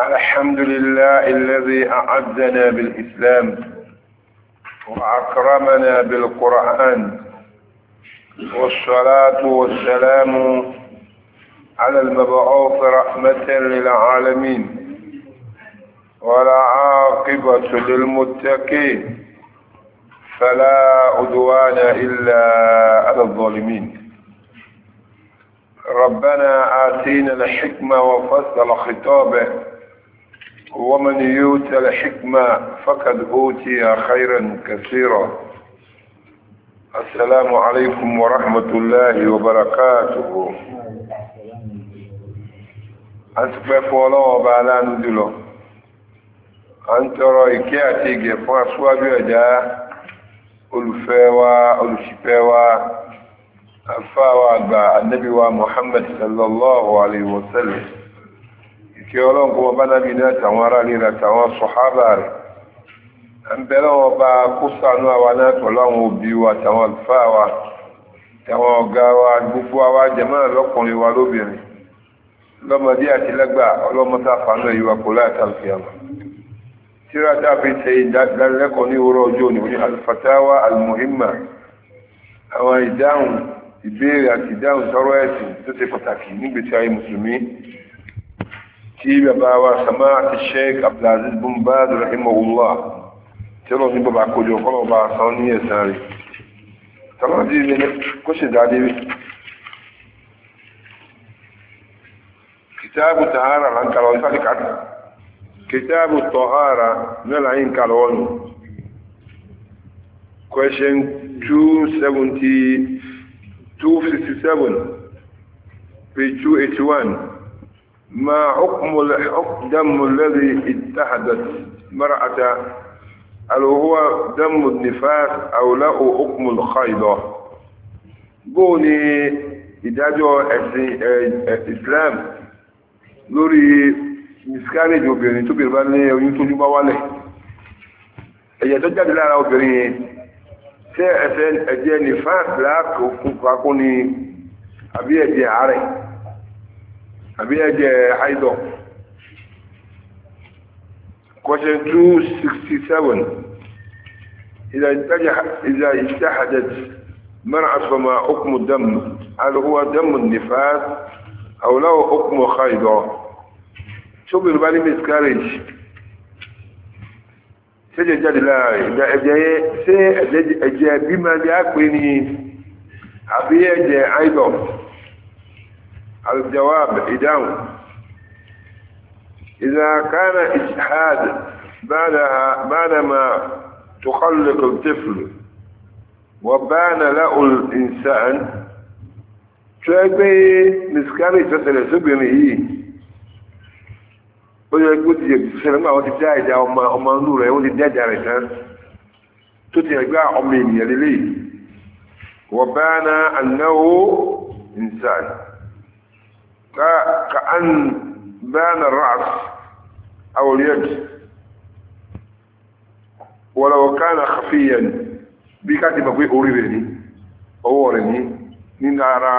الحمد لله الذي أعزنا بالإسلام وأكرمنا بالقرآن والصلاة والسلام على المبعوث رحمة للعالمين ولا عاقبة للمتقين فلا عدوان إلا على الظالمين ربنا آتينا الحكمة وفصل خطابه ومن يؤت الحكمة فقد أوتي خيرا كثيرا السلام عليكم ورحمة الله وبركاته أنتفف الله وبعلا نزله أنت رأيك أتيك فأسوى بيجاه olùfẹ́ wa olùṣìpẹ̀ wa afáwà àgbà annabi wa muhammad sallallahu kí ọlọ́run kó wọn bá dábì náà tàwọn ará lílà tàwọn sọ̀hábà rẹ̀ à ń bẹ̀rẹ̀ wọn bá kó sànú àwa náà pẹ̀lú àwọn òbí wa tàwọn àlùfáà wa tàwọn ọ̀gá wa gbogbo àwa jẹ̀mọ́ lọ́kùnrin wa lóbìnrin lọ́mọdé àti lẹ́gbà ọlọ́mọta fàánù ìwà kò láì tàlùfíàmù tíra tá a fi ṣe ìdánilẹ́kọ̀ọ́ ní òwúrọ̀ ọjọ́ òní ní alfatawa almuhimma àwọn ìdáhùn ìbéèrè àti ìdáhùn sọ́rọ̀ ẹ̀sìn tó ṣe pàtàkì nígbèsí ayé mùsùlùmí tí bàbá wa sàmá àti sheik abdulaziz bin baz rahimahullah tí lọ sí bàbá kojọ kọlọ bá sọ ní ẹ̀sán rẹ̀ sàmá àti ilẹ̀ kó ṣe dáadé kìtàbù tàhárà là ń kalọ̀ ní sáàdì kàtà kìtàbù tọ̀hárà mẹ́la yìí ń kalọ̀ ọ̀nù question 270 257 page 281 ما حكم الدم الذي اتحدت مرأة هل هو دم النفاس أو لا حكم الخيضة بوني إداجو إسلام لوري miscarriage obìnrin tó bèèrè bá ní oyún tó júbá wálẹ̀ ẹ̀yẹ̀ tó jáde lára obìnrin yẹn tẹ́ ẹ̀jẹ̀ nífàásì láàkókò ní àbí ẹ̀jẹ̀ àárẹ̀ àbí ẹ̀jẹ̀ haidọ̀ question two sixty seven إذا إذا اجتهدت مرعى فما حكم الدم هل هو دم النفاس أو له حكم خيضة شوف البالي مسكاريج سجل جاد الله إذا أجاية سي أجاية بما لأكويني أبي أجاية أيضا الجواب إدام إذا كان إجحاد بعدها بعدما تخلق الطفل وبان له الإنسان تلاقي مسكاري تسأل سبني هي ó yẹ kó ti ṣẹlẹ̀ nígbà wọ́n ti dá ìdá ọmọ ọmọ inú rẹ̀ wọ́n ti dá ìdá rẹ̀ tán tó ti ẹ̀gbá ọmọ ènìyàn lélẹ̀ wọ̀bá náà ànáwó ìsáàlì كأن بان الرأس أو اليد ولو كان خفيا بكاتب في أوريبني أوريني من أرى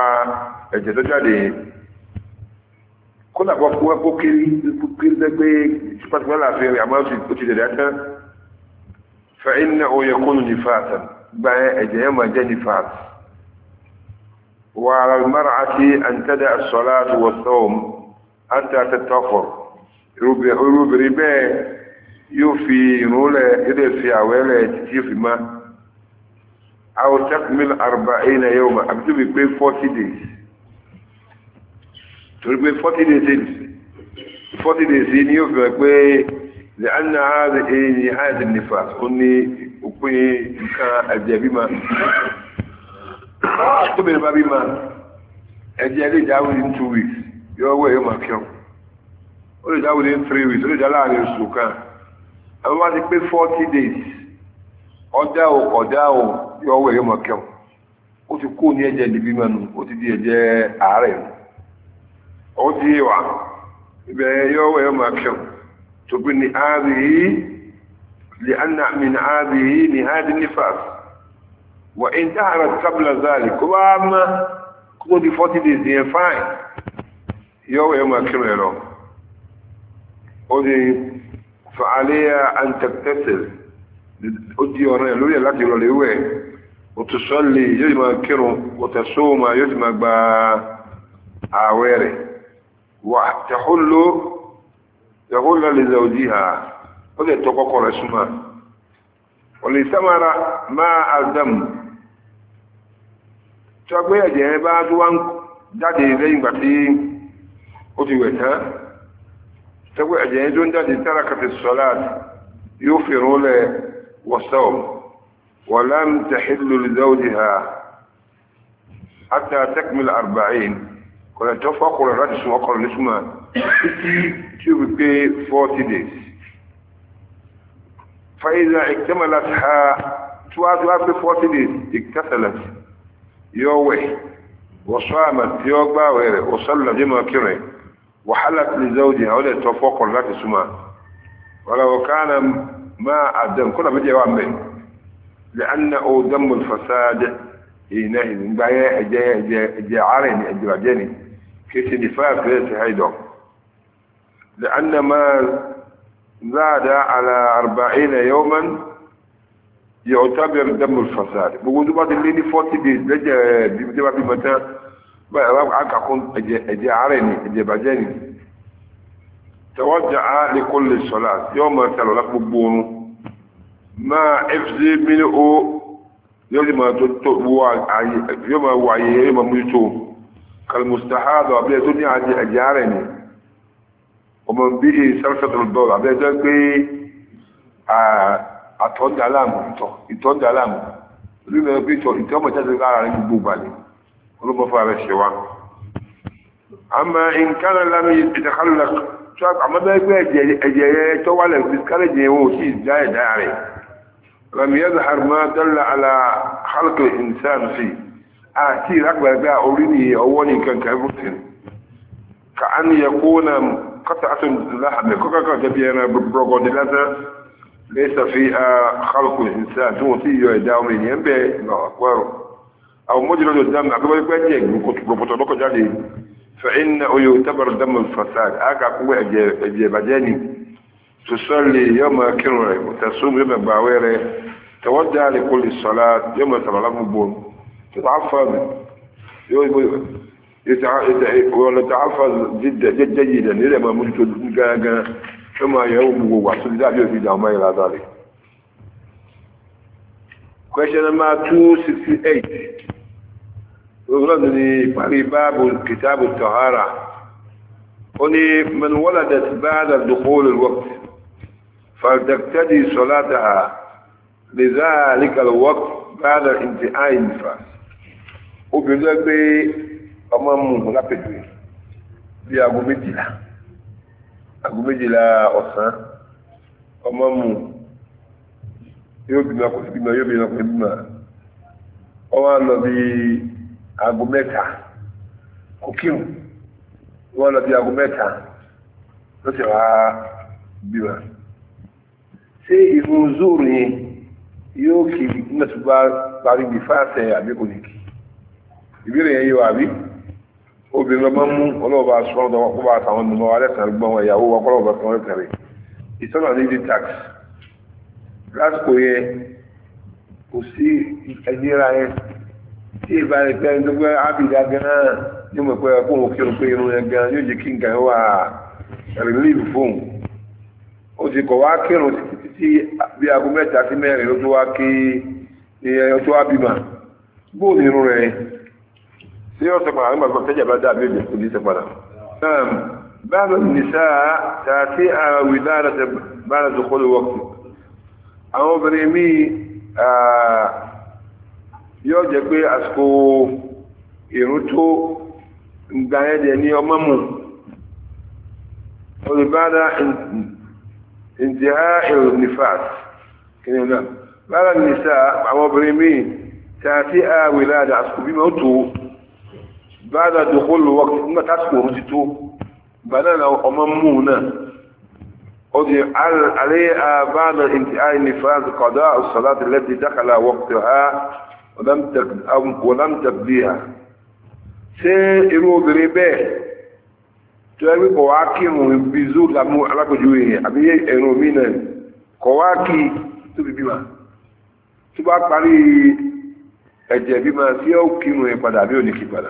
ẹ̀jẹ̀ jáde kódà kó wá kó kiri kiri dẹ́gbé pátápátá láàfin rẹ̀ àmọ́ ó ti dẹ̀dẹ̀ tán fẹ́ iná oyè kónú ní fàtà ẹ̀jẹ̀ yẹn jẹ́ ní وعلى المرأة أن تدع الصلاة والصوم حتى تتطهر يروب ربا يوفي نولا إذا في عوالة تتيف ما أو تكمل أربعين يوما أبدو بي 40 days تقول 40 days 40 days يوفي بي لأن هذا إيه هذا النفاس قلني أقول كان أجابي ما tó bẹ̀rẹ̀ bá bí ma ẹ̀jẹ̀ lè jáwé ní two weeks yọ ọwọ́ ẹ̀yọ́ máa kíọ́ ó lè jáwé ní three weeks ó lè já láàrin oṣù kan àwọn wá ti pé forty days ọ̀dá o ọ̀dá o yọ ọwọ́ ẹ̀yọ́ máa kíọ́ ó ti kó ní ẹ̀jẹ̀ níbí ma nù ó ti di ẹ̀jẹ̀ àárẹ̀ وانتهرت قبل ذلك وما كودي فوتي دي دي فاين يو يوم كيلو ودي فعليها ان تكتسل ودي ورا لوري لا دي لوري وتصلي يوم كيلو وتصوم يوم با عويري وتحل يقول لزوجها ودي توكو رسمه ولثمر ما الدم tó gbé ẹ̀jẹ̀ bá tó wá ń jáde lẹ́yìn ìgbà tí ó ti wẹ̀ tán tó gbé ẹ̀jẹ̀ tó ń jáde tára kàtẹ sọ́lá yóò fèrò lẹ̀ wọ̀sọ̀ wọ̀lá ń tẹ̀hí lórí dáwọ́dì tí ó pé 40 days فإذا يووي وصامت يوغبا ويري وصلى جمع كيري وحلت لزوجها ولا توفق لك سما ولو كان ما الدم كنا بدي وامن لأنه دم الفساد إنه بايع جاء جاي جاء عارين أجراجني كيس دفاع ليس هيدو لأن ما زاد على أربعين يوما يعتبر دم الفساد بوجود بعض اللي لي 40 days لجا بيبقى بمتى بقى عنك اكون اجي عرني اجي بجاني توجع لكل الصلاة يوم قالوا لك ببونو ما افزي منه يوم ما تتبوا يوم وعي يوم ميتو كالمستحاض وابلي تني اجي اجي عرني ومن به سلسة الدولة بيجا بي آه àtọ́jà láàmù ìtọ̀ ìtọ́jà láàmù olúmọ̀ pé ìtọ̀ ìtọ́mọ̀ jáde lára rẹ̀ gbogbo gbàlẹ̀ olúmọ̀ fún ààrẹ ṣe wá. àmà nǹkan lámì ìdàkálùlà tó àmọ́ bẹ́ẹ̀ pé ẹ̀jẹ̀ rẹ̀ tó wà lẹ̀ fi kálẹ̀ jẹ́ wọn ò sì dá ẹ̀dá rẹ̀. rami yẹ́dà harma dọ́là àlà halkọ̀ ìnsán sí àti ìrágbàgbà orí ni ليس فيها خلق الإنسان ثم تيجي يداوم ينبه الله أكبر أو مجرد الدم أكبر يكون فإنه يعتبر دم الفساد أكا قوة أجيباني تصلي يوم كنره وتصوم يوم باويره تودع لكل الصلاة يوم سبعلم بون تتعفض يتعفض جدا جدا جدا إذا ما مجرد ṣé máa yẹ ohun gbogbo wà sódì dábí òbí ìdààmú ẹ̀yìn ládàrí. question number two sixty eight olùdókòwò ní ìparí báàbù kìtàbù tọ̀hárà ó ní mẹnuwọ́ládẹ̀t báàdà dùkúlù wọ́pù fàdàkítẹ́dì sọ́ládà lèzà àríkàlù wọ́pù báàdà ìdí àìnífà obìnrin lọ́gbé ọmọ mú lápẹ̀jù ago méjìlá ọ̀sán ọmọ mu yóò bímọ kò sí bímọ yóò bímọ kò sí bímọ ọwọ́ lọ bí ago mẹ́ta kò kírun wọ́n lọ bí ago mẹ́ta ló sì wá bímọ yẹn yóò kí nígbà tó bá parí bí fáṣẹ àbí kò ní kí ìbéèrè yẹn yóò àbí obìnrin ọmọ mú ọlọ́ọ̀bá aṣọ́nà ọ̀dọ́ kó bá àtàwọn ọmọ wa lẹ́sàn án gbọ́n wọn ìyàwó wa kọ́lọ́ọ̀bá kan wọ́n kẹrì ìtọ́nà ní di tax lásìkò yẹn kò sí ẹ̀dínra yẹn tí ìbá rẹ̀ pẹ́ ní pé ábìdá gan-an ní mo pẹ́ kó wọn kírun pé irun yẹn gan-an yóò jẹ́ kí nǹkan wà rìlíìfù fóun ó ti kọ̀ wá kírun títí tí bí aago mẹ́ta sí mẹ́rin ló tó wá kí ọjọ́ àbímọ bóòlù irun rẹ̀ yẹn tí yóò sọpàá àwọn ìgbàgbọ́ tẹ́jà bá dáa bèbè kò ní sọpàá báàbù nìsá tààtí àwì bára tó kọlu wọ́pù àwọn obìnrin mi yóò jẹ́ pé àsìkò ìrún tó gbà ẹ̀dẹ̀ ní ọmọ mú olùbára ìdíhá ìrù nífàs kìnnìyàn bára nìsá àwọn obìnrin mi tààtí àwì láàdà àsìkò bímọ tó báyìí àdókò lò wọ́n nígbà tásìkò òun ti tó bàdàn ọmọ mú náà ó di àlẹ́ àbáàdàn ìdí àìní france kọ̀dọ̀ ọ̀sọ̀lá ti lẹ́tì dákàlà wọ́pẹ̀ ha wọ́lámtàbí ha ṣé irú obìnrin bẹ́ẹ̀ tó ẹgbẹ́ kọ̀ wá kírun bí zoo lámú alákòjúwe àbí ẹ̀rọ mi náà kọ̀ wá kí tóbi bímọ tó bá parí ẹ̀jẹ̀ bímọ sí ó kírun ẹ̀ padà àbí ò ní kí padà.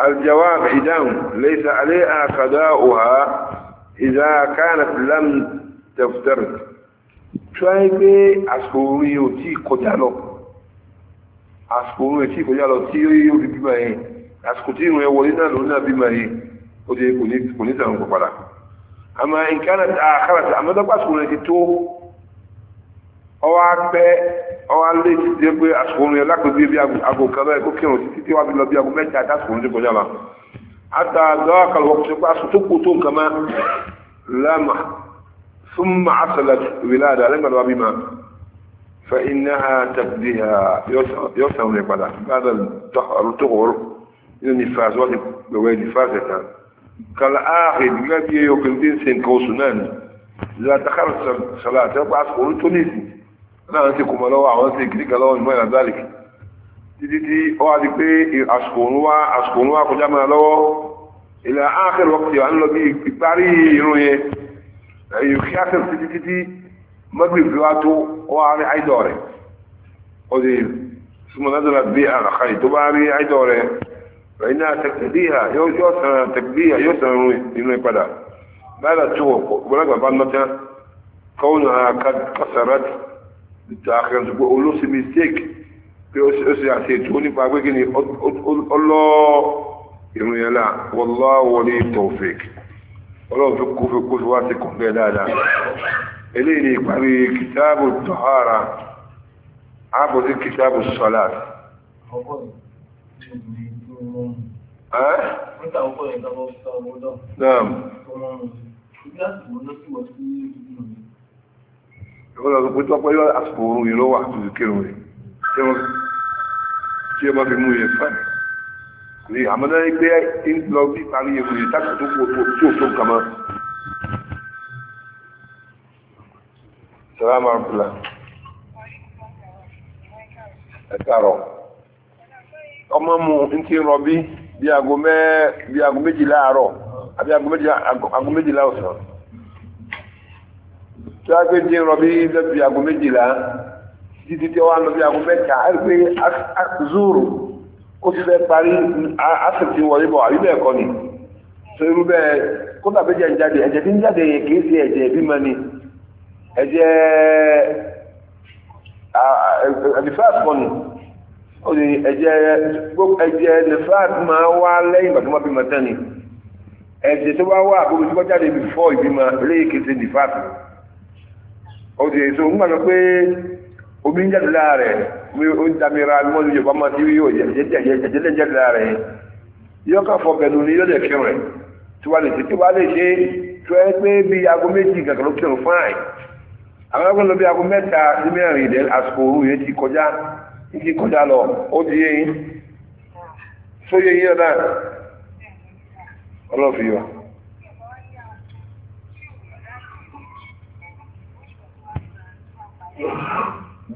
الجواب إدام ليس عليها قضاؤها إذا كانت لم تفترض try pé àsìkò orin ò tí kọjá lọ àsìkò orin ò tí kọjá lọ tí ó rí bímọ yẹn àsìkò tí ìrìn ẹwọlé náà lòun náà bímọ yẹn ó di kò ní sàrùn pàpàdà àmọ́ nǹkan àkàràtà àmọ́dọ́gbàsìkò rẹ̀ ti tó ọwọ́ apẹ́ ọwọ́ alẹ́ ti di pé àsùnwòn yẹn lákòóbí bí aago kan lọ́yẹ̀ kó kírun títí tí wàá fi lọ bí aago mẹ́ta dásùnwòn tó kọjá ma ata lọ́wọ́ àkàlù wọ́pọ̀ sẹ́kọ́ aṣọ tó kó tó nǹkan mọ́ lẹ́mà súnmọ́ àṣàlẹ̀ ìrìlá àdá lẹ́gbàá lọ́wọ́ bímọ fẹ́ iná tẹ̀sídì yóò sàn rẹ̀ padà gbádà tókòrò yóò ní fàṣẹ wọ́n ti gbẹ̀wẹ́ ní fàṣẹ kan kàlà áàrẹ̀ nígbà bí yóò kìí náà ti kùmọ̀ lọ́wọ́ àwọn sí kìríkà lọ́wọ́ ìmọ̀ ìrànzálìkì títí tí ó wá di pé àsìkò òun wá kọjá mọ́ lọ́wọ́ ilẹ̀ áàkẹ́rù ọkùnrin wà ń lọ bí ìparí irun yẹn èyí kí áàkẹ́rù títí títí magrib wá tó wá rí àìdọ̀ rẹ̀ ó di súnmọ́ ládàlá bí àràkàì tó bá rí àìdọ̀ rẹ̀ rẹ̀ iná tẹ̀kìdíhà yóò sàn tẹ̀kìdíhà yóò sàn irun padà báyìí tó wọ̀ ìtàkìrẹ̀ tó pé olóṣè mistake pé ó ṣe àti ètò nípa pé kí ni ọlọ́ ìrìn yẹn láà wallahu wali tawfiq ọlọ́run tó kó fi kó fi wá sí kọ̀ǹgẹ́ dáadáa eléyìí ni ìparí kìtàbù tọ́hárà ààbò sí kìtàbù salat. Naam. ọlọ́run pé tọ́pọ̀ yọ àsìkò oorun yìí lọ́wọ́ tí ẹ ma fi mú yẹn fà ní pé ń bí parí yẹn fún yẹn táàkì tó kú to ò tó kàmọ́. sàlámà ọmọ mu ń ti bi bí aago méjìlá méjìlá tí wọ́n pè dín rọ̀bí lẹ́bi àgọ́ méjìlá títí tí wọ́n lọ bí àgọ́ mẹ́ta á pé zúrù ó ti fẹ́ parí àṣìkí wọlé bọ̀ àbí bẹ́ẹ̀ kọ́ ni tó irú bẹ́ẹ̀ kó tàbí jẹ́ jáde ẹ̀jẹ̀ tí ń jáde yẹn kìí ṣe ẹ̀jẹ̀ bímọ ni ẹ̀jẹ̀ àdìfáàsì kọ́ ni ó ní ẹ̀jẹ̀ ẹ̀jẹ̀ àdìfáàsì máa wá lẹ́yìn bàtí wọ́n bímọ tán ni ẹ̀jẹ̀ tó bá wà àbúrò tí wọ́n jáde bí fọ́ ìbímọ eléyìí kìí ṣe àdìfáàsì òdì èso ń gbàgbọ́ pé omi ń rẹ̀ ó ń damira mọ́lú yorùbá máa ti yóò jẹ́jẹ́ jáde rẹ̀ yóò kà fọ bẹ̀rù ní yóò lè kírun rẹ̀ tí wà lè ṣe tí wàá lè ṣe pé bí aago méjì gàgà ló kírun àwọn akọ́nà bí aago mẹ́ta sí mẹ́rin ìdẹ́ àsìkò òru yẹn ti kọjá ti kọjá lọ ó di yẹn sóyè yẹn náà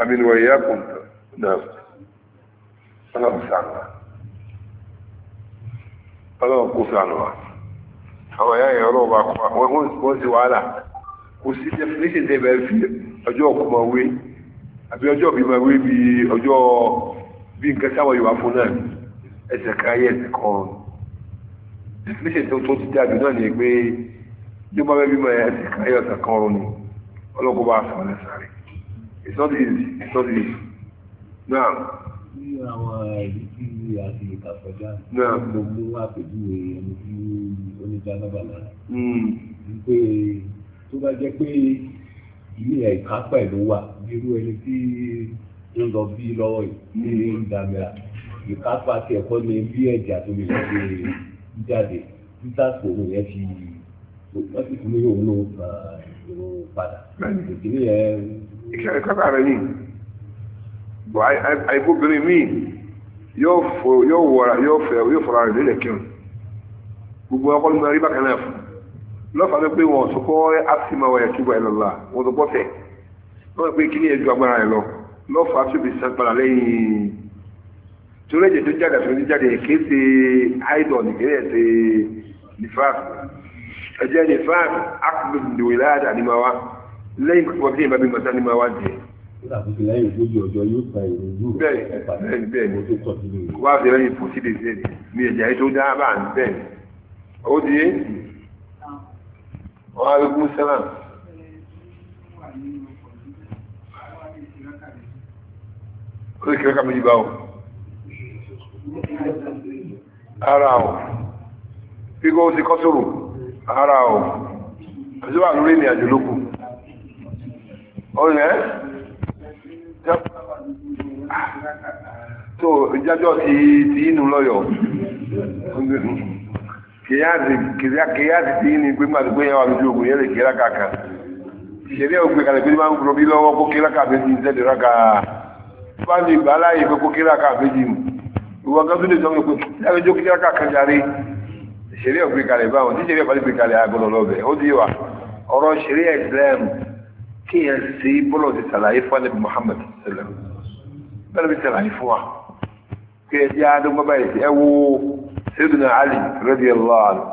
àmín wàyákùn náà ọlọ́run sànùwà ọlọ́run kó sànùwà àwọn ẹ̀yà ẹ̀yà ọlọ́run bá kọ́ wọ́n sì wàhálà kò sí definition tẹ́ bẹ́ẹ̀ fi ọjọ́ ọkọ̀ máa wé àbí ọjọ́ bí máa wé bí ọjọ́ bí nǹkan sáwọn ìwà fún náà ẹsẹ̀ kan ayé ẹsẹ̀ kan definition tó tó ti jáde náà ni pé yóò máa bẹ́ẹ̀ bí máa ẹsẹ̀ kan ayé ọ̀sẹ̀ kan ọ̀run ni ọlọ́kọ̀ bá sọ̀rọ̀ lẹ́sàrẹ́ It's not easy. It's not easy. Now. Ní àwọn ìlú tí a ti kà kọjá, gbogbo wa pẹ̀lú ẹni tí oníjà náà bàlá. Hmm. Wípé tó bá jẹ́ pé ilé ẹ̀ka pẹ̀lú wa, irú ẹni tí ń lọ bí lọ́wọ́ yìí ní ìdámẹ́ra, ìkápá tí ẹ̀kọ́ ni bí ẹ̀jà tó lè ṣe jáde, títà sòrò yẹn ti wọ́n sì fún mi yóò lò ó padà. Ìdílé yẹn ìkẹ́kọ̀ọ́ rẹ̀ ní àìbóbìnrin míì yóò wọ̀ra yóò fẹ́ yóò fọ́ra rẹ̀ nílẹ̀ kírun gbogbo ọkọ̀ ló máa rí bákan náà fún lọ́fà ló pé wọn sọpọ́ àtìmọ̀wọ̀ ẹ̀ kíbọ̀ ẹ̀ lọ́la wọn sọpọ́ tẹ̀ wọ́n pé kí ni ẹ̀jú agbára ẹ̀ lọ lọ́fà tó fi sàgbàlá lẹ́yìn torí ẹ̀jẹ̀ tó jáde àfihàn jáde kìí ṣe haidọ̀ nìkéré ẹ̀ ṣe nifas ẹ̀jẹ̀ nifas akpọ̀ nìwìlá àdìmọ̀wá lẹ́yìn pàtó wọ́n fi ìbámu ìgbà sani máa wá jẹ. lẹ́yìn ogójì ọjọ́ yóò gba ìròyìn rẹ̀ ẹ̀pà bẹ́ẹ̀ bẹ́ẹ̀ wá sí lẹ́yìn fòsí lè ṣe ní ẹ̀jẹ̀ ayé tó dá bá ń bẹ́ẹ̀ ó di é wọ́n á rí kún sẹ́lá. o ara o bí kò ó ti kọ́ sòrò ara o àti wà lórí ìrìn àjò lókun. ọ̀rẹ́ tó ìjájọ́ ti ti inú lọ́yọ̀ ti inú pé máa gbé yàwó àbíjú ogun yẹ́lẹ̀ kìyàrá kàkà ìṣẹ̀lẹ̀ ògbé kalẹ̀ pé máa ń gbọ́ bí lọ́wọ́ kó kìyàrá kà méjì ìṣẹ́lẹ̀ rákà bá ní ìgbà láàyè pé kó méjì kan lè pé ìṣẹ̀lẹ̀ ògbé kalẹ̀ báwọn tí ìṣẹ̀lẹ̀ ó di ọ̀rọ̀ ìṣẹ̀lẹ̀ kí yẹn sí bọ́lọ̀ ti sàlàyé fọ́lẹ̀ Muhammad sẹlẹ̀ bẹ́ẹ̀ bí sàlàyé fún wa kí ẹ jẹ́ adúgbò báyìí ẹ wo Sayyidina Ali radiyallahu anhu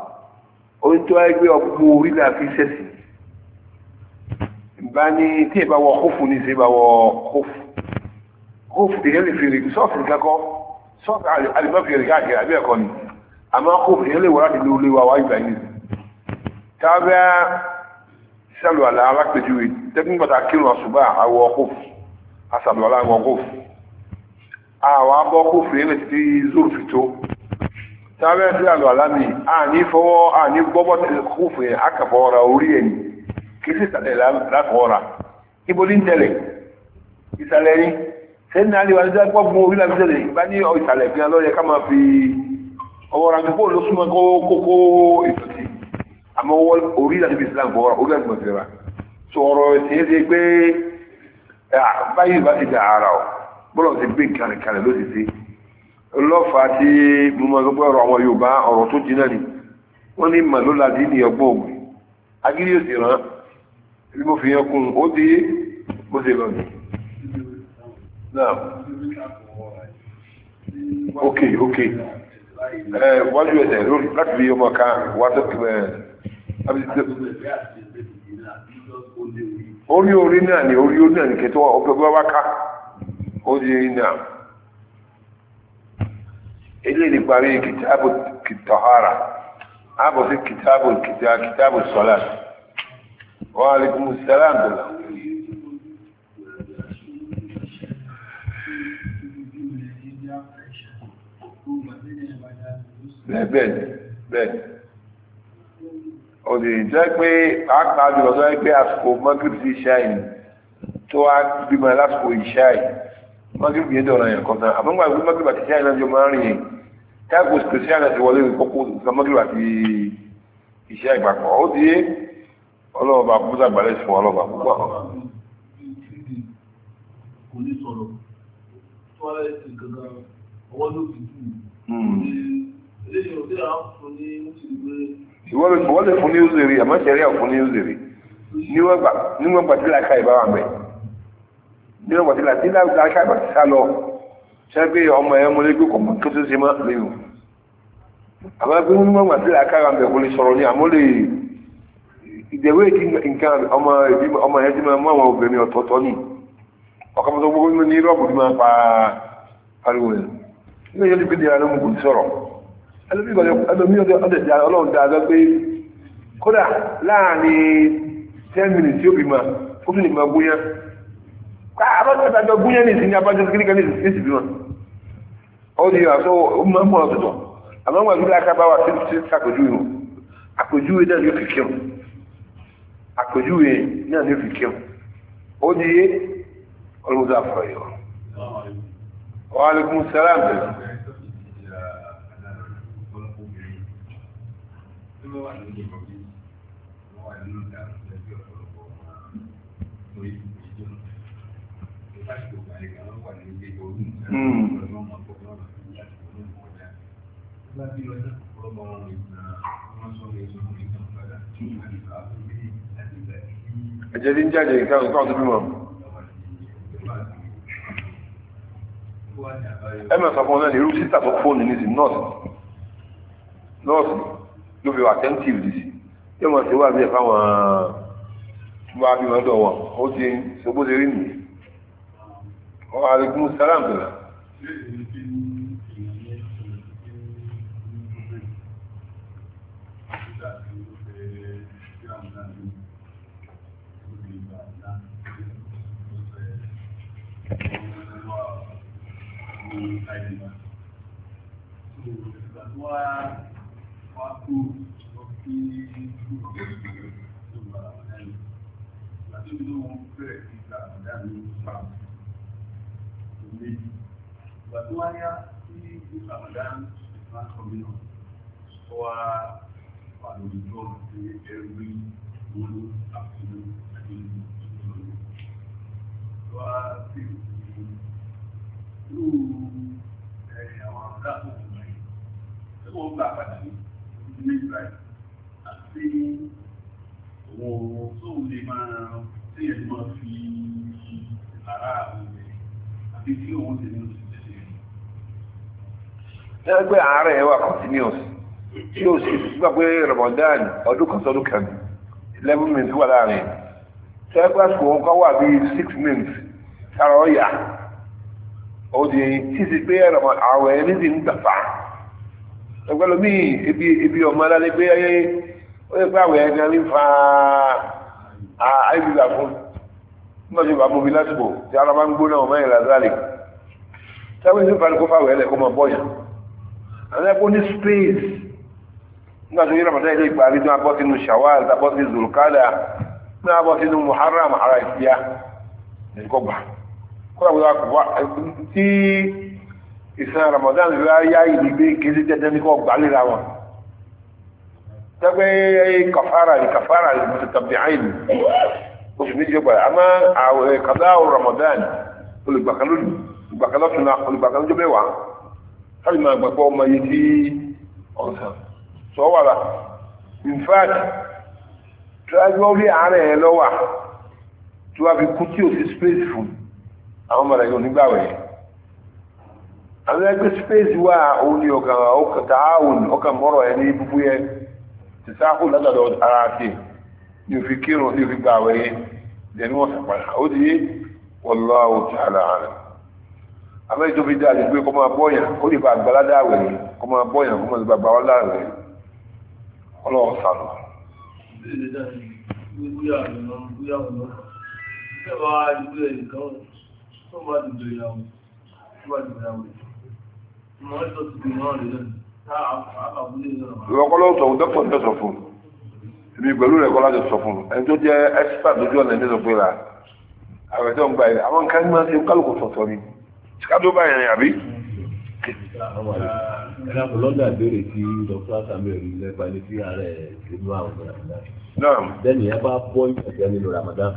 oyin tó ayé gbé ọgbó orí la fi sẹ́sì bá ní tí ì bá wọ kófù ní sí bá wọ kófù kófù ìyẹn lè fi rí sọ́ọ̀fù kankọ́ sọ́ọ̀fù alimọ́fì rí káàkiri àbí ẹ̀kọ́ ni àmọ́ kófù ìyẹn lè wọ́n láti lé olé wa wáyé báyìí tábẹ́ sálùwàlà alápèjúwe tẹ́kùn gbọ́ta kírun àṣùgbà àwọ ọkọ̀f àṣàbọ̀lá àwọ ọkọ̀f àwọn abọ́ ọkọ̀f rẹ̀ ti zoro fi tó tábẹ́ sí àlọ́ alámi àní fọwọ́ àní gbọ́bọ́ ọkọ̀f rẹ̀ akàfọ́ ọ̀rà orí ẹ̀ ní kí sí ìsàlẹ̀ látọ̀ ọ̀rà ibo ní tẹ̀lẹ̀ ìsàlẹ̀ ní sẹ́ni àlè wà nígbà gbọ́gbọ́n orí làbí tẹ̀lẹ̀ ìsàlẹ̀ sọ̀rọ̀ tí é ṣe pé báyìí bá ti dà ara ọ̀ bọ́lọ̀ ti gbé kàrìkàrì ló ti sí lọ́fà tí mo máa gbọ́ ọ̀rọ̀ àwọn Yorùbá ọ̀rọ̀ tó jiná ni wọ́n ní mà ló láti bí ok ok wájú ẹsẹ̀ láti fi ọmọ kan wá tó kí ẹ orí orí náà ni orí orí náà ni kẹtọ́ ọgbẹ́gbẹ́ wá ká ó di náà ilé ní parí kìtàbù kìtàhárà ààbọ̀ sí kìtàbù kìtà kìtàbù sọ́lá wa alaikum salam àbẹ̀là bẹ́ẹ̀ bẹ́ẹ̀ bẹ́ẹ̀ òdì jẹ́ pé àpá jùlọ sọ pé àsìkò mọ́gírì sí iṣẹ́ yìí tó wá bímọ lásìkò iṣẹ́ yìí mọ́gírì yìí dọ̀rọ̀ yẹn kọ̀ọ̀tà àmọ́gbà pé mọ́gírì àti iṣẹ́ yìí náà jọ máa ń rìn yẹn táàkù kìrìsìtì àti wọlé ìkókó nǹkan mọ́gírì àti iṣẹ́ ìgbàpọ̀ ó di ọlọ́wọ́ bá kúta gbalẹ̀ fún ọlọ́wọ́ bá púpọ̀ kò ní sọ̀rọ̀ tó ara wọ́n lè fún ní òzèrè àmọ́ sẹ́rí àwọn fún ní òzèrè níwọ̀n gbà tí làákà ìbá wà mẹ́ níwọ̀n gbà tí làákà ìbá wà làákà ìbá sá lọ sẹ́gbẹ́ ọmọ ẹ̀ mọ́lẹ́ gbé kọ̀mọ́ tó tó ṣe má léwu àmọ́ pé níwọ̀n gbà tí làákà ìbá mẹ́ kò lè sọ̀rọ̀ ní àmọ́ lè ìdẹ̀wé ti nǹkan ọmọ ẹbí ọmọ ẹ̀ ti máa mú àwọn obìnrin ọ̀tọ̀ọ̀tọ̀ ẹlòmí ọdẹ̀ ìjà ọlọ́run dáadáa pé kódà láàrin 10 minutes yóò bí ma ó tún lè máa gúnyán káàbọ̀tàjọ gúnyán ní ìsinmi abájọ kíníkà ní ìsìn bí wọn ó di àṣọ ó máa ń pọ̀ ọ̀tọ̀tọ̀ àmọ́ wọn gbé akábá wa sí sí sàpèjúwe o àpèjúwe náà yóò fi kí wọn àpèjúwe náà yóò fi kí wọn ó di ọlọ́run dáa fọ̀rọ̀ yìí wa alaikum wọ́n ní jáde nǹkan nǹkan tó bímọ. ẹ mẹ́ta fún ọ náà ní irú fóònù ní ti nọ́ọ̀sì nọ́ọ̀sì ló fi wà tẹ́ǹtìv dì sí tí wọ́n ti wá bí ẹ̀ fáwọn wá bí wọ́n dọ̀ wọn ó ti sọ́gbó ṣe rí nìyí. wọ́n á sálàm tó náà. Wow. Gbàtúwáyá tí Ìsàmàdán máa ń kọ̀ mí náà, ó wá àlòjọ́ àti ẹ̀rí olú àfihàn àti ìlú. Ó wá sí ìlú àwọn àkáàkùn ìgbà yìí. Ṣé wọ́n gbà padà yìí? midwife àti òun tóun lè máa tẹ̀yẹ̀ tó máa fi ara àwọn ẹ̀ àti kí òun tẹ̀lé oṣù tẹ̀lé. ẹgbẹ́ àárẹ̀ wà continuous tí o sì gbà pé Ramadan ọdún kan sọdún kan eleven minutes wà láàrin tẹ́gbà sùn òun kọ́ wà bíi six minutes sára ọ̀yà ó di tí ti gbé àwọn ẹni tí ń gbà ẹgbẹ́lómi ebi ebi ọmọ alálé pé ẹyẹ ó yẹ pé àwẹ̀ ẹ̀gán ní fa àìbìlà fún mọ́jú bá mọ́bí lásìkò tí ara bá ń gbóná ọmọ ẹ̀rọ azálẹ̀ sábẹ́ sí ìfàní kó fàwẹ̀ ẹ̀lẹ̀ kó mọ̀ bọ́yà alẹ́kọ́ ní space nígbà tó yẹ́rọ pàtàkì ìparí tó abọ́ sínú shawal abọ́ sínú zulkada náà abọ́ sínú muharram ara ìfìyà nìkọ́ gbà kó ìsan Ramadan ìlú ayá ìdìbé kéde dẹ́dẹ́ ní kọ́ gbalera wọn tẹ́gbẹ́ kàfàrà ní kàfàrà ní tàbí àìní oṣù méjì ó padà àmọ́ àwẹ̀ kàdá Ramadan olùgbàkálọ́ tún náà olùgbàkálọ́ tó mẹ́wàá káàdì máa gbàgbọ́ ọmọ yìí tí ọ̀sán sọ wà lá in fact tíwájúwọ́rí àárẹ̀ ẹ̀ lọ́wà tí wàá kú tí ò sí space fún àwọn mọ̀lẹ́yìn onígbàwẹ̀ yẹn àwọn ẹgbẹ́ space wà òun ni ọ̀gá ọkàtà àwọn ọkà mọ́rọ̀ ẹni búbú yẹ ti sáàkù látàdọ̀ ara sí ni ò fi kírun ni ò fi gbà wẹ̀yẹ jẹni wọ́n sàpàdà ó di yé wallahu ta'ala alam àwọn ètò fi dáa pé kọ́ máa ó lè bá àgbàládà wẹ̀yẹ kọ́ máa bọ́yàn kọ́ máa bàbá wọn láàrẹ̀ ìwọ́kọ́lọ́ sọ fún dọ́kítọ̀ ní sọ fún ibi pẹ̀lú rẹ̀ kọ́lá jọ sọ fún ẹni tó jẹ́ ẹ́sípà lójú ọ̀nà ìdí sọ pé là àwẹ̀ tó ń gba ilẹ̀ àwọn nǹkan máa ń ṣe kálukú sọ̀tọ̀ ni ṣíkádó báyìí rìn àbí. lọ́dà béèrè tí dr samuel lẹ́gbàá ní sí ààrẹ ìlú àwọn ramadan. bẹ́ẹ̀ni ẹ bá bọ́ ìgbàgbẹ́ nínú ramadan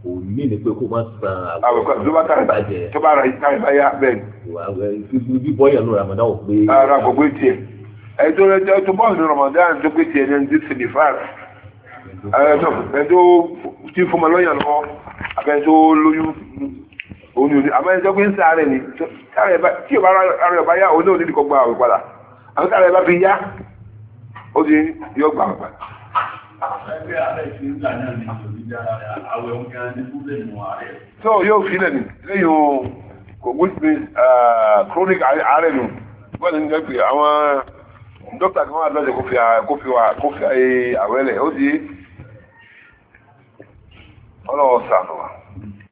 kò ní ní pé kó má san àwẹ̀ tó bíbọ́ yẹn ló Ramadan ò pé. ara kò pé tiẹ̀ ẹ̀tọ́ ẹ̀tọ́ bọ́ọ̀lù ní Ramadan tó pé tiẹ̀ ní ẹni sèdè fáàs ẹ̀tọ́ ẹ̀tọ́ tí fọmọ lọ́yàn lọ abẹ́tọ́ lóyún òní òní àmọ́ ẹ̀tọ́ pé ń sáré ni tí ìbára ara ẹ̀ bá yá òní òní kọ́ gba àwẹ̀ padà àmọ́ sára ẹ̀ bá fi yá ó di yọ gbà àwẹ̀ padà. tó yóò fi lẹ́nu lẹ́yìn o kò gbóṣe chronic àárẹ̀ nù wọ́n ní pé àwọn dókítà kan wà lọ́jọ́ kó fi àwẹ́lẹ̀ ó di ọlọ́wọ́ sàánù wa.